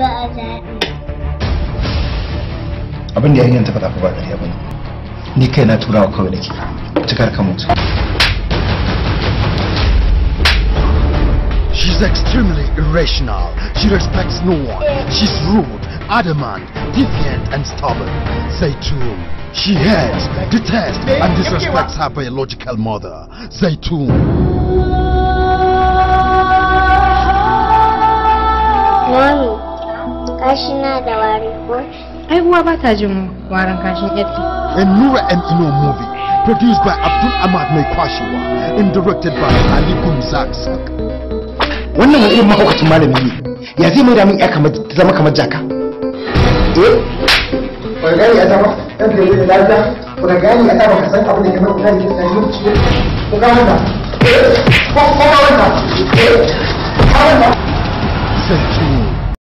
ba a zaɓi abin da yarinyar ta faɗa ba ƙarya ba ne ni kai na turawa kawai nake cikar ka mutu She's extremely irrational. She respects no one. She's rude, adamant, defiant, and stubborn. Zaytun. She hates, detests, and disrespects her biological mother. Zaytun. Mommy. Kashina da wari ko ai uwa ba ta jin warin kashin yarki a nura and ino movie produced by abdul ahmad mai kwashewa and directed by ali kumzak wannan wani irin mahaukacin malami ne ya zai mai damin ya zama kamar jaka eh ba gani ya zama ɗan da ya lafiya kuna gani ya zama kasan abin da ke mai kuna da ke tsaye ciwo ko ga wannan eh? ko ga wannan ko ga wannan eh? sarki